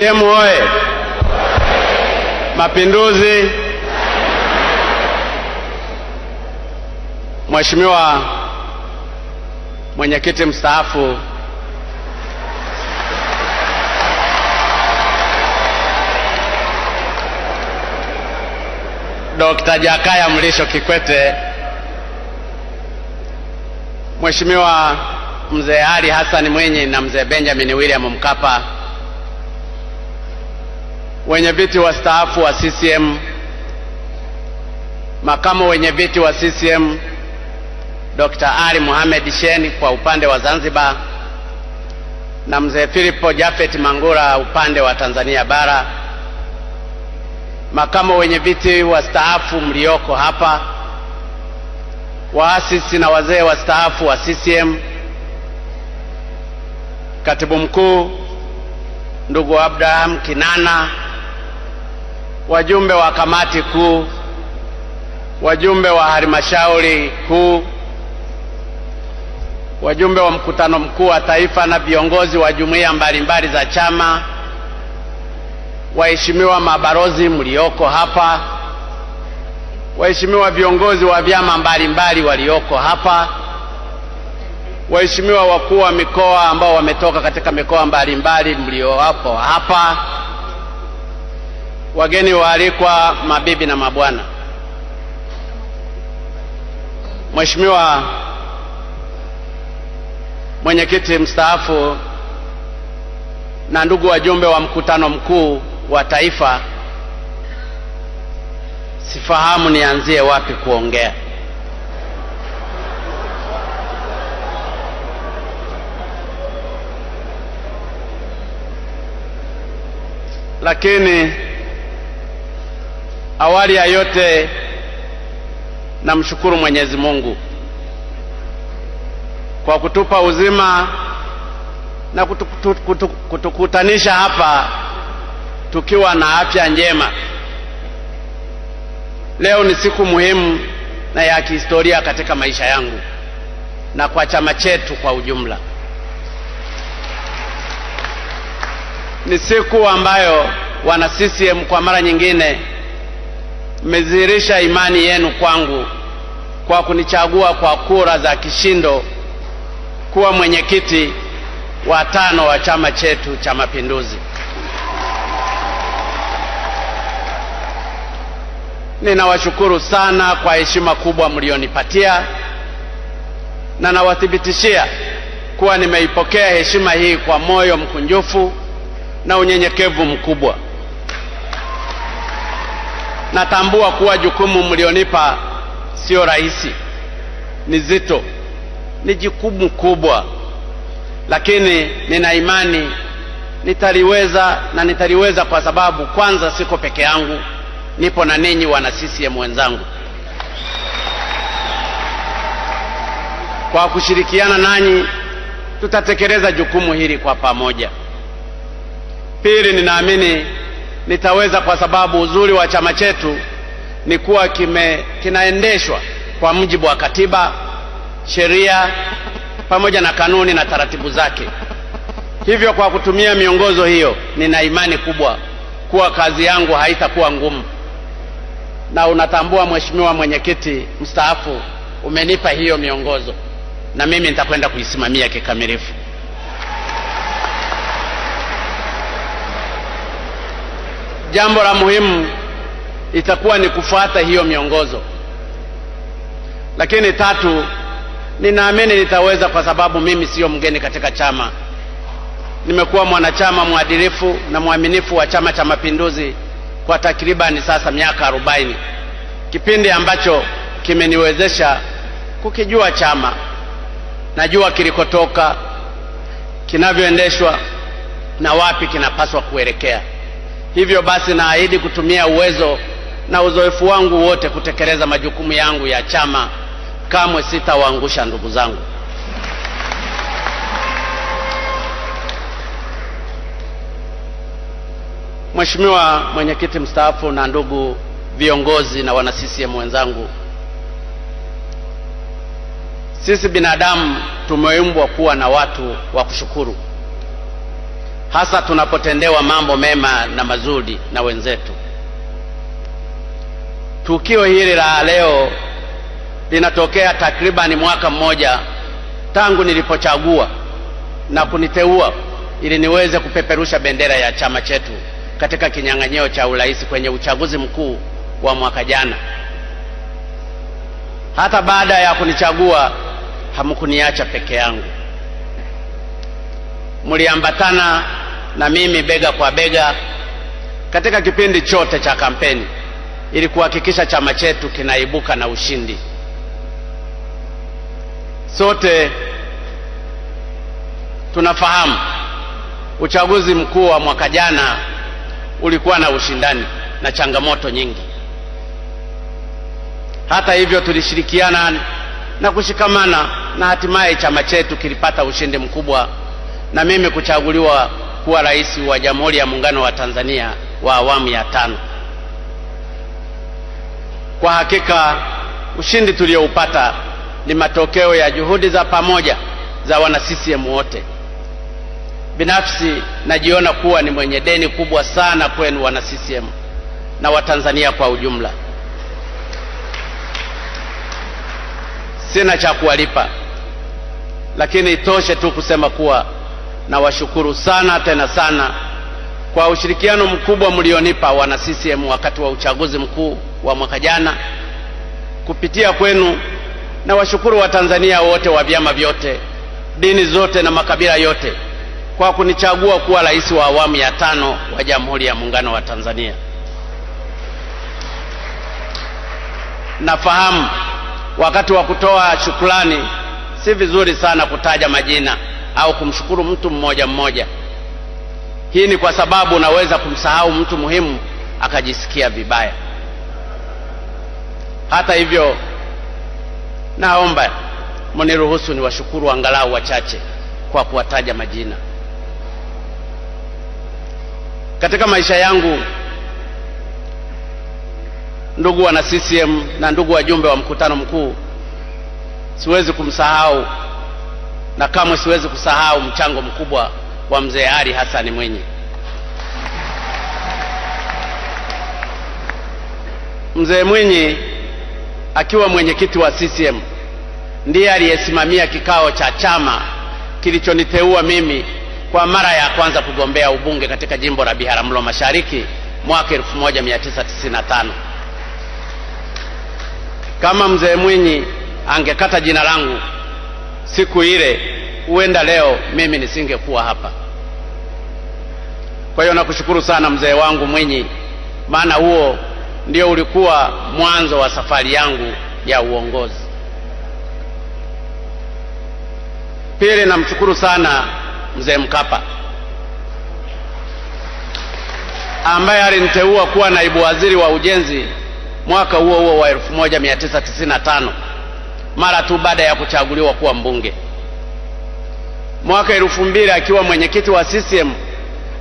CCM oye! Mapinduzi! Mheshimiwa mwenyekiti mstaafu, Dr. Jakaya Mrisho Kikwete, Mheshimiwa mzee Ali Hassan Mwinyi na mzee Benjamin William Mkapa wenyeviti wastaafu wa CCM, makamu wenyeviti wa CCM Dr. Ali Mohamed Sheni kwa upande wa Zanzibar na mzee Filipo Jafet Mangura upande wa Tanzania bara, makamo wenye viti wastaafu mlioko hapa, waasisi na wazee wastaafu wa CCM, katibu mkuu ndugu Abraham Kinana wajumbe wa kamati kuu, wajumbe wa halmashauri kuu, wajumbe wa mkutano mkuu wa taifa na viongozi wa jumuiya mbalimbali za chama, waheshimiwa mabalozi mlioko hapa, waheshimiwa viongozi wa vyama mbalimbali walioko hapa, waheshimiwa wakuu wa mikoa ambao wametoka katika mikoa mbalimbali mliowapo hapa Wageni waalikwa, mabibi na mabwana, Mheshimiwa mwenyekiti mstaafu na ndugu wajumbe wa mkutano mkuu wa taifa, sifahamu nianzie wapi kuongea. Lakini Awali ya yote namshukuru Mwenyezi Mungu kwa kutupa uzima na kutu, kutukutanisha hapa tukiwa na afya njema. Leo ni siku muhimu na ya kihistoria katika maisha yangu na kwa chama chetu kwa ujumla. Ni siku ambayo wana CCM kwa mara nyingine Mmedhihirisha imani yenu kwangu kwa kunichagua kwa kura za kishindo kuwa mwenyekiti wa tano wa chama chetu cha Mapinduzi. Ninawashukuru sana kwa heshima kubwa mlionipatia na nawathibitishia kuwa nimeipokea heshima hii kwa moyo mkunjufu na unyenyekevu mkubwa natambua kuwa jukumu mlionipa sio rahisi, ni zito, ni jukumu kubwa, lakini nina imani nitaliweza na nitaliweza kwa sababu kwanza, siko peke yangu, nipo na ninyi wana CCM wenzangu. Kwa kushirikiana nanyi tutatekeleza jukumu hili kwa pamoja. Pili, ninaamini nitaweza, kwa sababu uzuri wa chama chetu ni kuwa kime, kinaendeshwa kwa mujibu wa katiba, sheria pamoja na kanuni na taratibu zake. Hivyo, kwa kutumia miongozo hiyo, nina imani kubwa kuwa kazi yangu haitakuwa ngumu, na unatambua Mheshimiwa Mwenyekiti mstaafu, umenipa hiyo miongozo na mimi nitakwenda kuisimamia kikamilifu. jambo la muhimu itakuwa ni kufuata hiyo miongozo. Lakini tatu, ninaamini nitaweza kwa sababu mimi siyo mgeni katika chama. Nimekuwa mwanachama mwadilifu na mwaminifu wa Chama cha Mapinduzi kwa takribani sasa miaka arobaini, kipindi ambacho kimeniwezesha kukijua chama. Najua kilikotoka, kinavyoendeshwa na wapi kinapaswa kuelekea. Hivyo basi naahidi kutumia uwezo na uzoefu wangu wote kutekeleza majukumu yangu ya chama. Kamwe sitawaangusha ndugu zangu. Mheshimiwa mwenyekiti mstaafu na ndugu viongozi na wana CCM wenzangu, sisi binadamu tumeumbwa kuwa na watu wa kushukuru hasa tunapotendewa mambo mema na mazuri na wenzetu. Tukio hili la leo linatokea takribani mwaka mmoja tangu nilipochagua na kuniteua ili niweze kupeperusha bendera ya chama chetu katika kinyanganyio cha urais kwenye uchaguzi mkuu wa mwaka jana. Hata baada ya kunichagua, hamkuniacha peke yangu, mliambatana na mimi bega kwa bega katika kipindi chote cha kampeni ili kuhakikisha chama chetu kinaibuka na ushindi. Sote tunafahamu uchaguzi mkuu wa mwaka jana ulikuwa na ushindani na changamoto nyingi. Hata hivyo, tulishirikiana na kushikamana na hatimaye chama chetu kilipata ushindi mkubwa na mimi kuchaguliwa kuwa rais wa Jamhuri ya Muungano wa Tanzania wa awamu ya tano. Kwa hakika ushindi tulioupata ni matokeo ya juhudi za pamoja za wana CCM wote. Binafsi najiona kuwa ni mwenye deni kubwa sana kwenu wana CCM na Watanzania kwa ujumla. Sina cha kuwalipa, lakini itoshe tu kusema kuwa Nawashukuru sana tena sana kwa ushirikiano mkubwa mlionipa wana CCM wakati wa uchaguzi mkuu wa mwaka jana. Kupitia kwenu nawashukuru Watanzania wote wa vyama vyote, dini zote na makabila yote kwa kunichagua kuwa rais wa awamu ya tano wa Jamhuri ya Muungano wa Tanzania. Nafahamu wakati wa kutoa shukrani si vizuri sana kutaja majina au kumshukuru mtu mmoja mmoja. Hii ni kwa sababu unaweza kumsahau mtu muhimu akajisikia vibaya. Hata hivyo, naomba mniruhusu niwashukuru angalau wachache kwa kuwataja majina. Katika maisha yangu, ndugu wana CCM na ndugu wajumbe wa mkutano mkuu, siwezi kumsahau na kamwe siwezi kusahau mchango mkubwa wa mzee Ali Hassan Mwinyi. Mzee Mwinyi akiwa mwenyekiti wa CCM ndiye aliyesimamia kikao cha chama kilichoniteua mimi kwa mara ya kwanza kugombea ubunge katika jimbo la Biharamulo Mashariki mwaka 1995. Kama mzee Mwinyi angekata jina langu siku ile, huenda leo mimi nisingekuwa hapa. Kwa hiyo nakushukuru sana mzee wangu Mwinyi, maana huo ndio ulikuwa mwanzo wa safari yangu ya uongozi. Pili, namshukuru sana mzee Mkapa ambaye aliniteua kuwa naibu waziri wa ujenzi mwaka huo huo wa 1995 mara tu baada ya kuchaguliwa kuwa mbunge. Mwaka elfu mbili akiwa mwenyekiti wa CCM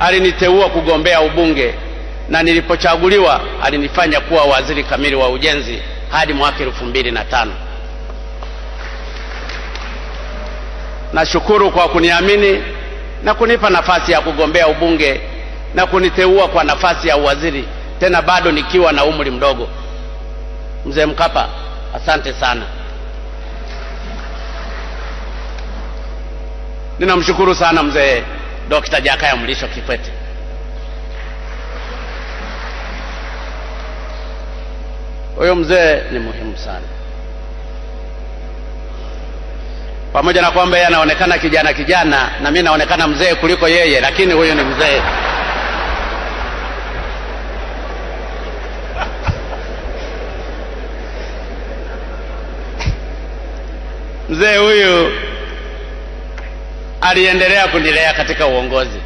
aliniteua kugombea ubunge na nilipochaguliwa alinifanya kuwa waziri kamili wa ujenzi hadi mwaka elfu mbili na tano. Nashukuru kwa kuniamini na kunipa nafasi ya kugombea ubunge na kuniteua kwa nafasi ya uwaziri, tena bado nikiwa na umri mdogo. Mzee Mkapa, asante sana. Ninamshukuru sana mzee dokta Jakaya Mlisho Kikwete. Huyo mzee ni muhimu sana, pamoja na kwamba yeye anaonekana kijana kijana na mi naonekana mzee kuliko yeye, lakini huyu ni mzee mzee huyu aliendelea kunilea katika uongozi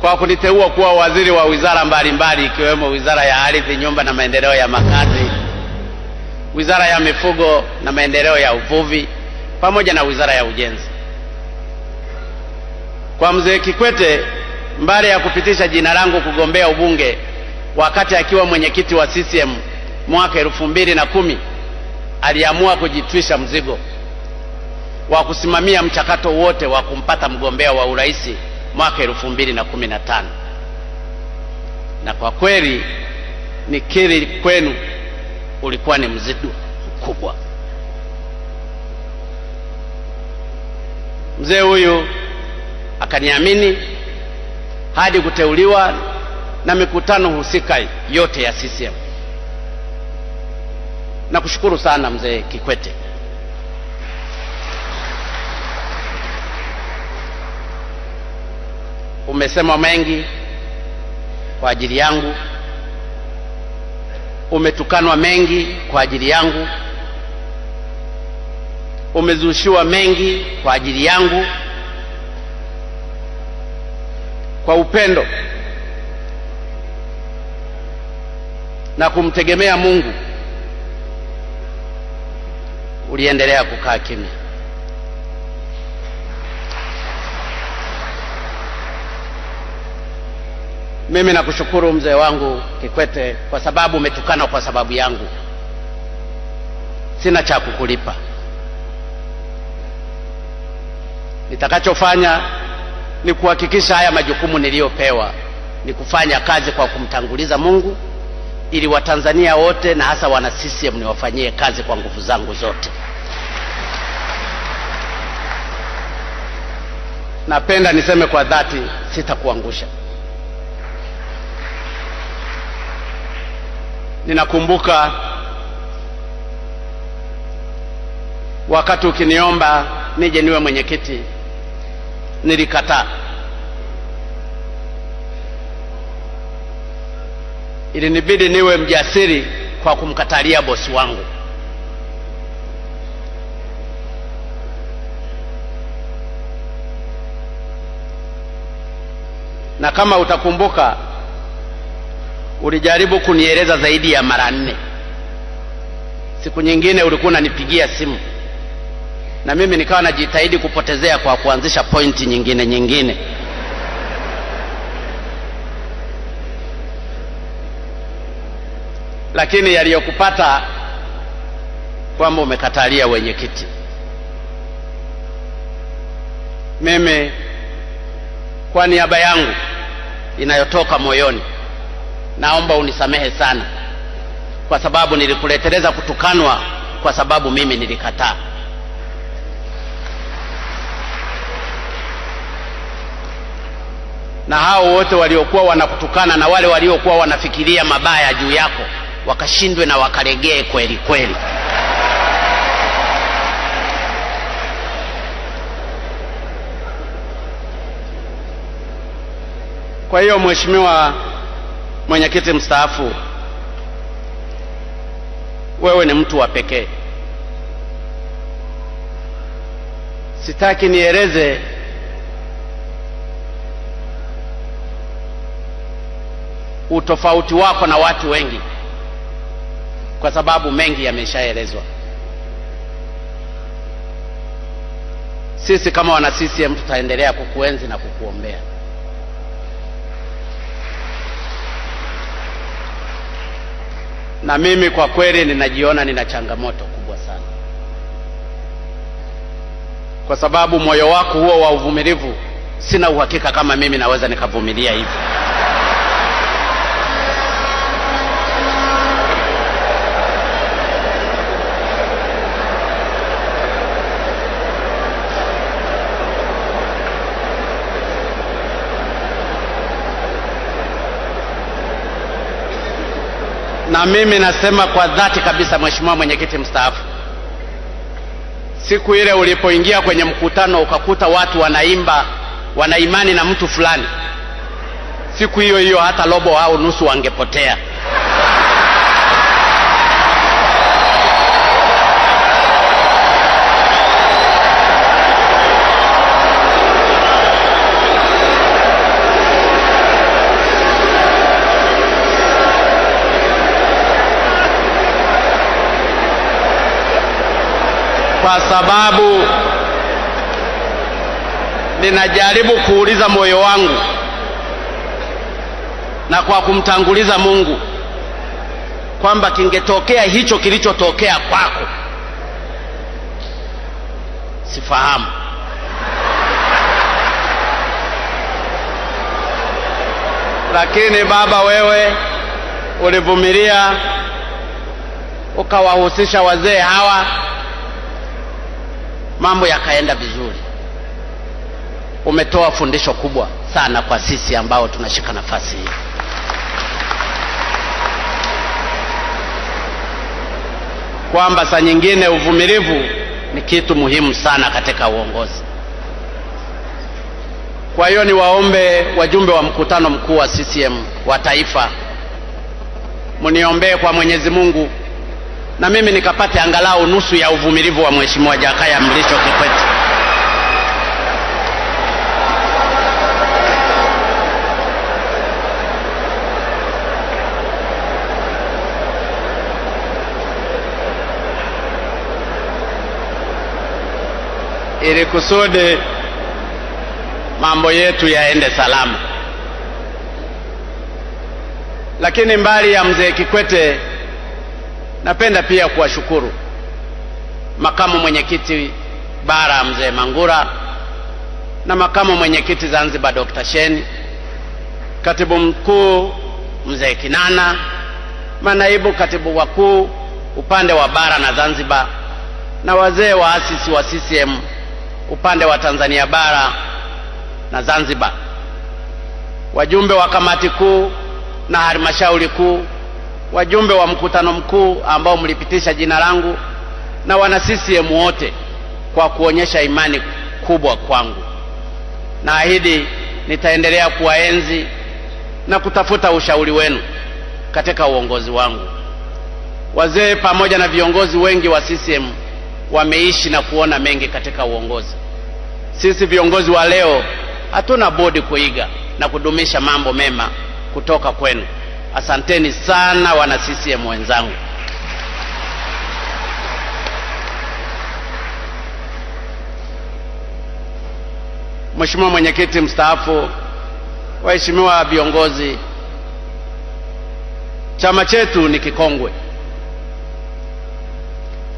kwa kuniteua kuwa waziri wa wizara mbalimbali ikiwemo wizara ya ardhi, nyumba na maendeleo ya makazi, wizara ya mifugo na maendeleo ya uvuvi, pamoja na wizara ya ujenzi. Kwa mzee Kikwete, mbali ya kupitisha jina langu kugombea ubunge wakati akiwa mwenyekiti wa CCM mwaka elfu mbili na kumi, aliamua kujitwisha mzigo wa kusimamia mchakato wote wa kumpata mgombea wa urais mwaka elfu mbili na kumi na tano na kwa kweli nikiri kwenu, ulikuwa ni mzigo mkubwa. Mzee huyu akaniamini hadi kuteuliwa na mikutano husika yote ya CCM. Nakushukuru sana mzee Kikwete. umesema mengi kwa ajili yangu, umetukanwa mengi kwa ajili yangu, umezushiwa mengi kwa ajili yangu. Kwa upendo na kumtegemea Mungu uliendelea kukaa kimya. Mimi nakushukuru mzee wangu Kikwete kwa sababu umetukana kwa sababu yangu. Sina cha kukulipa. Nitakachofanya ni kuhakikisha haya majukumu niliyopewa ni kufanya kazi kwa kumtanguliza Mungu ili Watanzania wote na hasa wana CCM niwafanyie kazi kwa nguvu zangu zote. Napenda niseme kwa dhati, sitakuangusha. ninakumbuka wakati ukiniomba nije niwe mwenyekiti nilikataa. Ilinibidi niwe mjasiri kwa kumkatalia bosi wangu. Na kama utakumbuka ulijaribu kunieleza zaidi ya mara nne. Siku nyingine ulikuwa unanipigia simu na mimi nikawa najitahidi kupotezea kwa kuanzisha pointi nyingine nyingine. Lakini yaliyokupata kwamba umekatalia wenyekiti. Mimi kwa niaba yangu inayotoka moyoni naomba unisamehe sana kwa sababu nilikuleteleza kutukanwa kwa sababu mimi nilikataa. Na hao wote waliokuwa wanakutukana na wale waliokuwa wanafikiria mabaya juu yako wakashindwe na wakaregee kweli kweli. Kwa hiyo mheshimiwa mwenyekiti mstaafu, wewe ni mtu wa pekee. Sitaki nieleze utofauti wako na watu wengi, kwa sababu mengi yameshaelezwa. Sisi kama wana CCM tutaendelea kukuenzi na kukuombea. na mimi kwa kweli ninajiona nina changamoto kubwa sana, kwa sababu moyo wako huo wa uvumilivu, sina uhakika kama mimi naweza nikavumilia hivi. Na mimi nasema kwa dhati kabisa, Mheshimiwa Mwenyekiti mstaafu, siku ile ulipoingia kwenye mkutano ukakuta watu wanaimba wanaimani na mtu fulani, siku hiyo hiyo hata robo au nusu wangepotea. kwa sababu ninajaribu kuuliza moyo wangu na kwa kumtanguliza Mungu kwamba kingetokea hicho kilichotokea kwako, sifahamu. Lakini Baba, wewe ulivumilia ukawahusisha wazee hawa mambo yakaenda vizuri. Umetoa fundisho kubwa sana kwa sisi ambao tunashika nafasi hii. Kwamba saa nyingine uvumilivu ni kitu muhimu sana katika uongozi. Kwa hiyo niwaombe wajumbe wa mkutano mkuu wa CCM wa taifa, mniombee kwa Mwenyezi Mungu na mimi nikapate angalau nusu ya uvumilivu wa Mheshimiwa Jakaya Mlisho Kikwete. ili kusudi mambo yetu yaende salama. Lakini mbali ya mzee Kikwete Napenda pia kuwashukuru makamu mwenyekiti bara mzee Mangura na makamu mwenyekiti Zanzibar Dr. Sheni, katibu mkuu mzee Kinana, manaibu katibu wakuu upande wa bara na Zanzibar, na wazee waasisi wa CCM upande wa Tanzania bara na Zanzibar, wajumbe wa kamati kuu na halmashauri kuu wajumbe wa mkutano mkuu ambao mlipitisha jina langu na wana CCM wote kwa kuonyesha imani kubwa kwangu. Naahidi nitaendelea kuwaenzi na kutafuta ushauri wenu katika uongozi wangu. Wazee pamoja na viongozi wengi wa CCM wameishi na kuona mengi katika uongozi. Sisi viongozi wa leo hatuna budi kuiga na kudumisha mambo mema kutoka kwenu. Asanteni sana wana CCM wenzangu. Mheshimiwa mwenyekiti mstaafu, waheshimiwa viongozi, chama chetu ni kikongwe,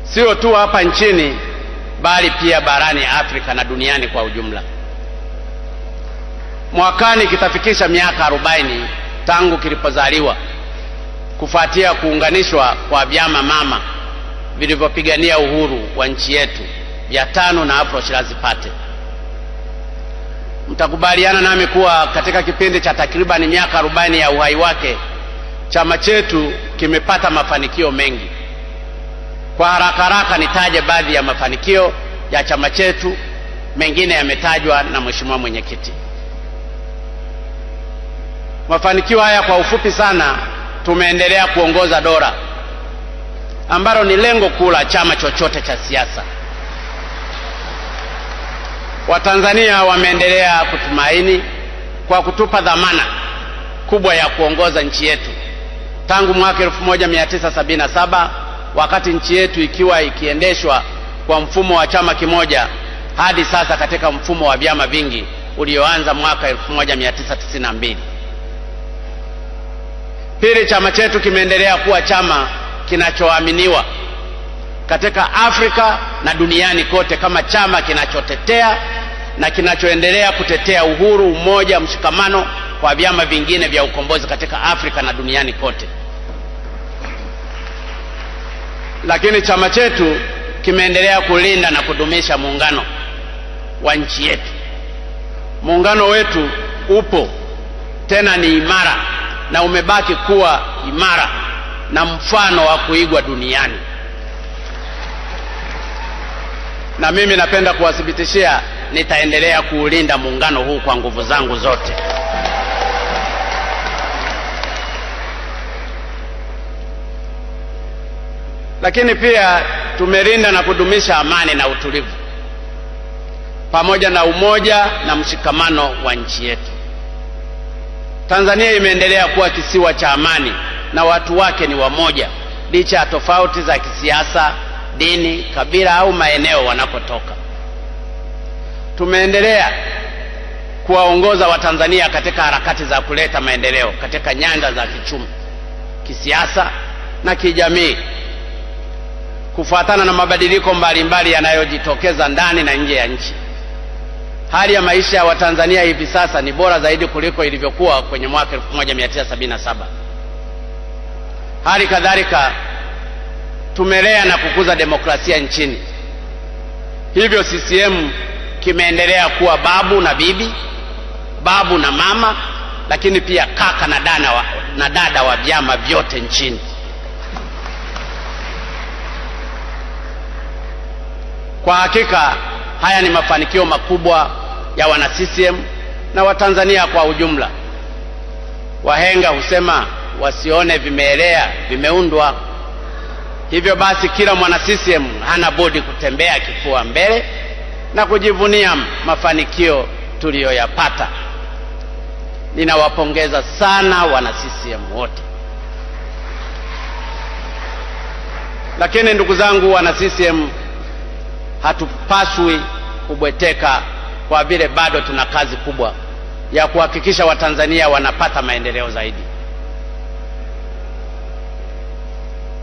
sio tu hapa nchini bali pia barani Afrika na duniani kwa ujumla. Mwakani kitafikisha miaka arobaini tangu kilipozaliwa kufuatia kuunganishwa kwa vyama mama vilivyopigania uhuru wa nchi yetu vya tano na Afro Shirazi Party. Mtakubaliana nami kuwa katika kipindi cha takribani miaka arobaini ya uhai wake chama chetu kimepata mafanikio mengi. Kwa haraka haraka nitaje baadhi ya mafanikio ya chama chetu, mengine yametajwa na mheshimiwa mwenyekiti. Mafanikio haya kwa ufupi sana, tumeendelea kuongoza dola ambalo ni lengo kuu la chama chochote cha siasa. Watanzania wameendelea kutumaini kwa kutupa dhamana kubwa ya kuongoza nchi yetu tangu mwaka 1977 wakati nchi yetu ikiwa ikiendeshwa kwa mfumo wa chama kimoja hadi sasa katika mfumo wa vyama vingi ulioanza mwaka 1992. Pili, chama chetu kimeendelea kuwa chama kinachoaminiwa katika Afrika na duniani kote kama chama kinachotetea na kinachoendelea kutetea uhuru, umoja, mshikamano kwa vyama vingine vya ukombozi katika Afrika na duniani kote. Lakini chama chetu kimeendelea kulinda na kudumisha muungano wa nchi yetu. Muungano wetu upo tena, ni imara na umebaki kuwa imara na mfano wa kuigwa duniani. Na mimi napenda kuwathibitishia, nitaendelea kuulinda muungano huu kwa nguvu zangu zote. Lakini pia tumelinda na kudumisha amani na utulivu pamoja na umoja na mshikamano wa nchi yetu. Tanzania imeendelea kuwa kisiwa cha amani na watu wake ni wamoja licha ya tofauti za kisiasa, dini, kabila au maeneo wanakotoka. Tumeendelea kuwaongoza Watanzania katika harakati za kuleta maendeleo katika nyanja za kichumi, kisiasa na kijamii kufuatana na mabadiliko mbalimbali yanayojitokeza ndani na nje ya nchi. Hali ya maisha ya Watanzania hivi sasa ni bora zaidi kuliko ilivyokuwa kwenye mwaka 1977. Hali kadhalika tumelea na kukuza demokrasia nchini, hivyo CCM kimeendelea kuwa babu na bibi, babu na mama, lakini pia kaka na dada wa, na dada wa vyama vyote nchini. Kwa hakika Haya ni mafanikio makubwa ya wana CCM na Watanzania kwa ujumla. Wahenga husema wasione vimeelea vimeundwa. Hivyo basi, kila mwana CCM hana budi kutembea kifua mbele na kujivunia mafanikio tuliyoyapata. Ninawapongeza sana wana CCM wote. Lakini ndugu zangu wana CCM hatupaswi kubweteka kwa vile bado tuna kazi kubwa ya kuhakikisha Watanzania wanapata maendeleo zaidi.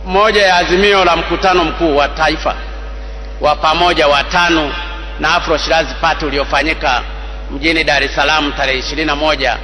Moja ya azimio la mkutano mkuu wa taifa wa pamoja wa TANU na Afro Shirazi Party uliofanyika mjini Dar es Salaam tarehe moja